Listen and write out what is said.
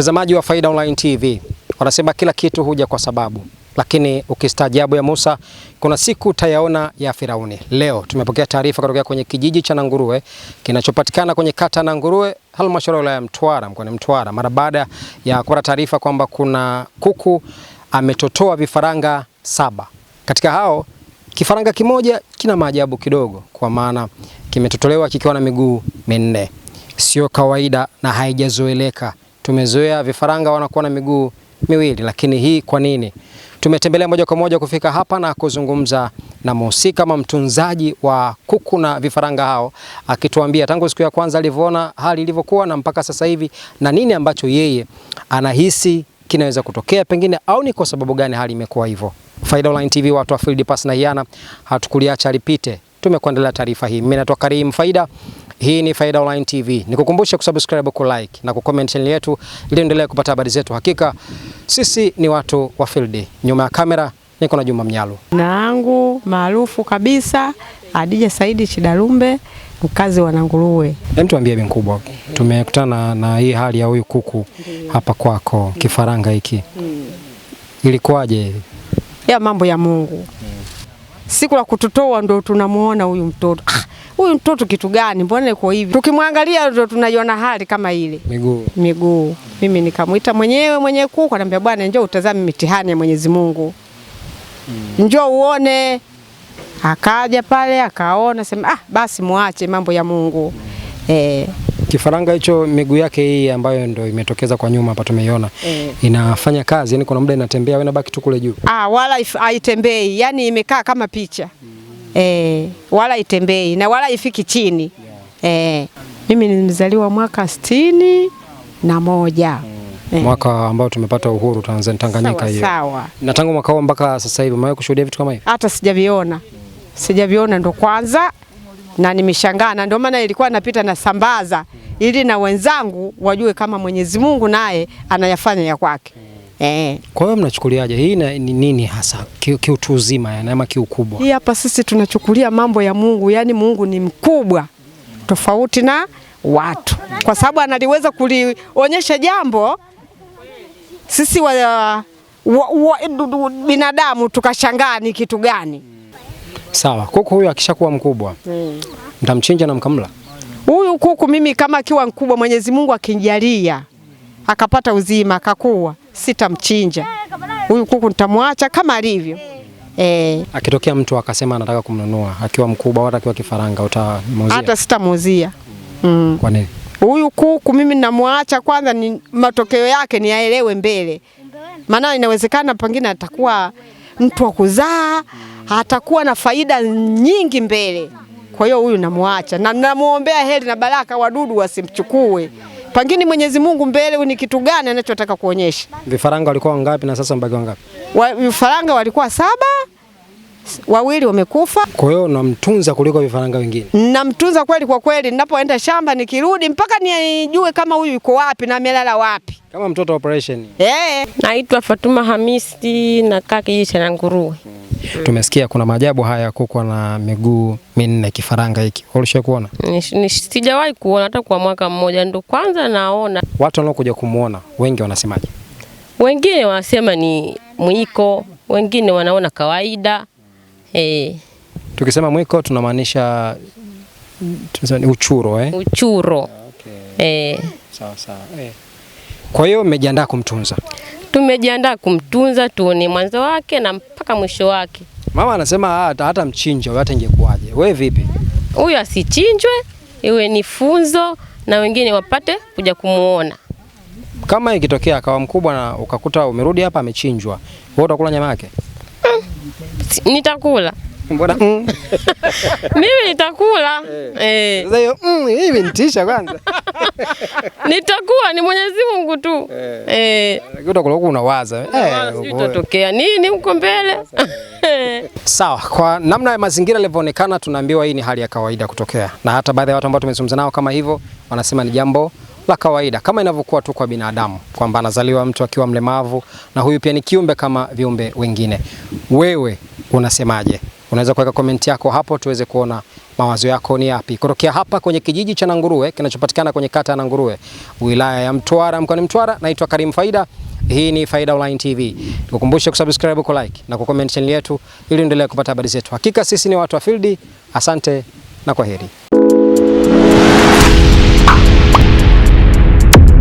Mtazamaji wa Faida Online TV, wanasema kila kitu huja kwa sababu, lakini ukistaajabu ya Musa kuna siku utayaona ya Firauni. Leo tumepokea taarifa kutoka kwenye kijiji cha Nanguruwe kinachopatikana kwenye kata Nanguruwe, halmashauri ya wilaya Mtwara, mkoani Mtwara, mara baada ya kupata taarifa kwamba kuna kuku ametotoa vifaranga saba. Katika hao kifaranga kimoja kina maajabu kidogo, kwa maana kimetotolewa kikiwa na miguu minne. Sio kawaida na haijazoeleka. Tumezoea vifaranga wanakuwa na miguu miwili, lakini hii kwa nini? Tumetembelea moja kwa moja kufika hapa na kuzungumza na mhusika kama mtunzaji wa kuku na vifaranga hao, akituambia tangu siku ya kwanza alivyoona hali ilivyokuwa na mpaka sasa hivi na nini ambacho yeye anahisi kinaweza kutokea pengine au ni kwa sababu gani hali imekuwa hivyo. Faida Online TV, watu wa field pass na yana, hatukuliacha lipite, tumekuandalia taarifa hii. Mimi naitwa Karim Faida. Hii ni Faida Online TV. Nikukumbusha kusubscribe, ku like na ku comment channel yetu ili endelee kupata habari zetu. Hakika sisi ni watu wa field. Nyuma ya kamera niko na Juma Mnyalo. Naangu maarufu kabisa Adija Saidi Chidalumbe mkazi wa Nanguruwe. Hem, tuambie bi mkubwa, tumekutana na hii hali ya huyu kuku hapa kwako kifaranga hiki ilikuwaje? Ya mambo ya Mungu, siku la kututoa ndo tunamuona huyu mtoto ah huyu mtoto kitu gani, mbona yuko hivi? Tukimwangalia ndio tunaiona hali kama ile miguu miguu. Mimi nikamwita mwenyewe mwenye kuu, kaniambia bwana, njoo utazame mitihani ya Mwenyezi Mungu, hmm. njoo uone. Akaja pale akaona, sema ah, basi muache mambo ya Mungu hmm. eh. Kifaranga hicho miguu yake hii ambayo ndo imetokeza kwa nyuma hapa tumeiona e. Inafanya kazi yani, kuna muda inatembea, wewe unabaki tu kule juu. Ah, wala haitembei yani, imekaa kama picha mm eh, wala itembei na wala ifiki chini yeah. eh. Mimi nilizaliwa mwaka sitini na moja mm. eh. mwaka ambao tumepata uhuru Tanzania Tanganyika hiyo. Sawa. Na tangu mwaka huo mpaka sasa hivi umewahi kushuhudia vitu kama hivi? Hata sijaviona, sijaviona ndo kwanza na nimeshangaa, na ndio maana ilikuwa napita na sambaza ili na wenzangu wajue kama Mwenyezi Mungu naye anayafanya ya kwake. Eh. Kwa hiyo mnachukuliaje hii ni nini hasa kiutu uzima yani ama kiukubwa? Hii hapa sisi tunachukulia mambo ya Mungu, yani Mungu ni mkubwa tofauti na watu, kwa sababu analiweza kulionyesha jambo sisi wa, wa, wa, binadamu tukashangaa ni kitu gani. Sawa, kuku huyu akishakuwa mkubwa hmm. mtamchinja hmm, na mkamla huyu kuku. Mimi kama akiwa mkubwa, Mwenyezi Mungu akinijalia akapata uzima akakua sitamchinja eh, huyu kuku, nitamwacha kama alivyo. Eh. eh, Akitokea mtu akasema anataka kumnunua akiwa mkubwa hata akiwa kifaranga utamuuzia? Hata sitamuuzia. Mm. Kwa nini? Huyu kuku mimi namwacha kwanza, ni matokeo yake niyaelewe mbele, maana inawezekana pengine atakuwa mtu wa kuzaa, atakuwa na faida nyingi mbele. Kwa hiyo huyu namwacha na namuombea heri na baraka, wadudu wasimchukue. Pangini Mwenyezi Mungu mbele ni kitu gani anachotaka kuonyesha. Vifaranga walikuwa wangapi na sasa mbaki wangapi? Wa, vifaranga walikuwa saba wawili wamekufa. Kwa hiyo namtunza kuliko vifaranga wengine, namtunza kweli kwa kweli. Ninapoenda shamba nikirudi, mpaka nijue kama huyu yuko wapi na amelala wapi, kama mtoto operation. Eh, naitwa Fatuma Hamisi, nakaa kijiji cha Nanguruwe. Hmm. Tumesikia kuna maajabu haya ya kuku na miguu minne kifaranga hiki, ulisha kuona? Sijawahi kuona hata kwa mwaka mmoja, ndo kwanza naona. Watu wanaokuja kumwona wengi wanasemaje? Wengine wanasema ni mwiko, wengine wanaona kawaida, Eh. Tukisema mwiko tunamaanisha uchuro eh? Uchuro. Okay. Eh. Sawa sawa. Eh. Kwa hiyo mmejiandaa kumtunza? Tumejiandaa kumtunza, ni mwanzo wake na mpaka mwisho wake. Mama anasema hata, hata mchinjwe hata ingekuwaje. Wewe vipi? Huyu asichinjwe, iwe ni funzo na wengine wapate kuja kumuona. Kama ikitokea akawa mkubwa na ukakuta umerudi hapa amechinjwa, wewe utakula nyama yake? nitakula mbona mm. mimi nitakula eh. eh. Sasa hiyo mm, hii kwanza. Nitakuwa ni Mwenyezi Mungu tu eh. Eh. Utakula huko unawaza eh, utatokea nini huko mbele eh. sawa. Kwa namna ya mazingira yalivyoonekana, tunaambiwa hii ni hali ya kawaida kutokea, na hata baadhi ya watu ambao tumezungumza nao kama hivyo wanasema ni jambo la kawaida kama inavyokuwa tu kwa binadamu kwamba anazaliwa mtu akiwa mlemavu, na huyu pia ni kiumbe kama viumbe wengine. Wewe unasemaje? Unaweza kuweka komenti yako hapo tuweze kuona mawazo yako ni yapi, kutokea hapa kwenye kijiji cha Nanguruwe kinachopatikana kwenye kata ya Nanguruwe, wilaya ya Mtwara, mkoani Mtwara. Naitwa Karim Faida. Hii ni Faida Online TV. Nikukumbushe kusubscribe, ku like na ku comment channel yetu ili uendelee kupata habari zetu. Hakika sisi ni watu wa field. Asante na kwaheri.